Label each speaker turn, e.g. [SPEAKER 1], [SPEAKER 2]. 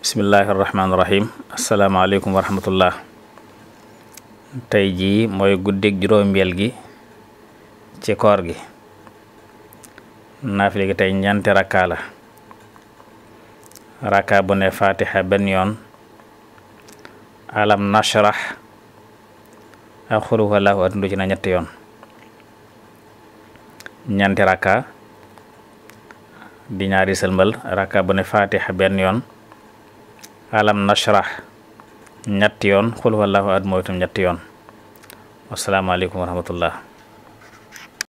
[SPEAKER 1] bismillahi rahmaani rahim asalaamaaleykum wa rahmatullah tey jii mooy guddig juróom-beel gi ci koor gi naafile gi tey ñeenti rakkaa la rakkaa bu ne fatiha benn yoon alam nashrah ak xuruwalaahu atundu ci na ñetti yoon ñeenti rakkaa di ñaari sëlmal rakkaa bu ne fatiha benn yoon alam nashrah ñetti yoon xul wallahu at mooy itam ñetti yoon wasalaamaaleykum wa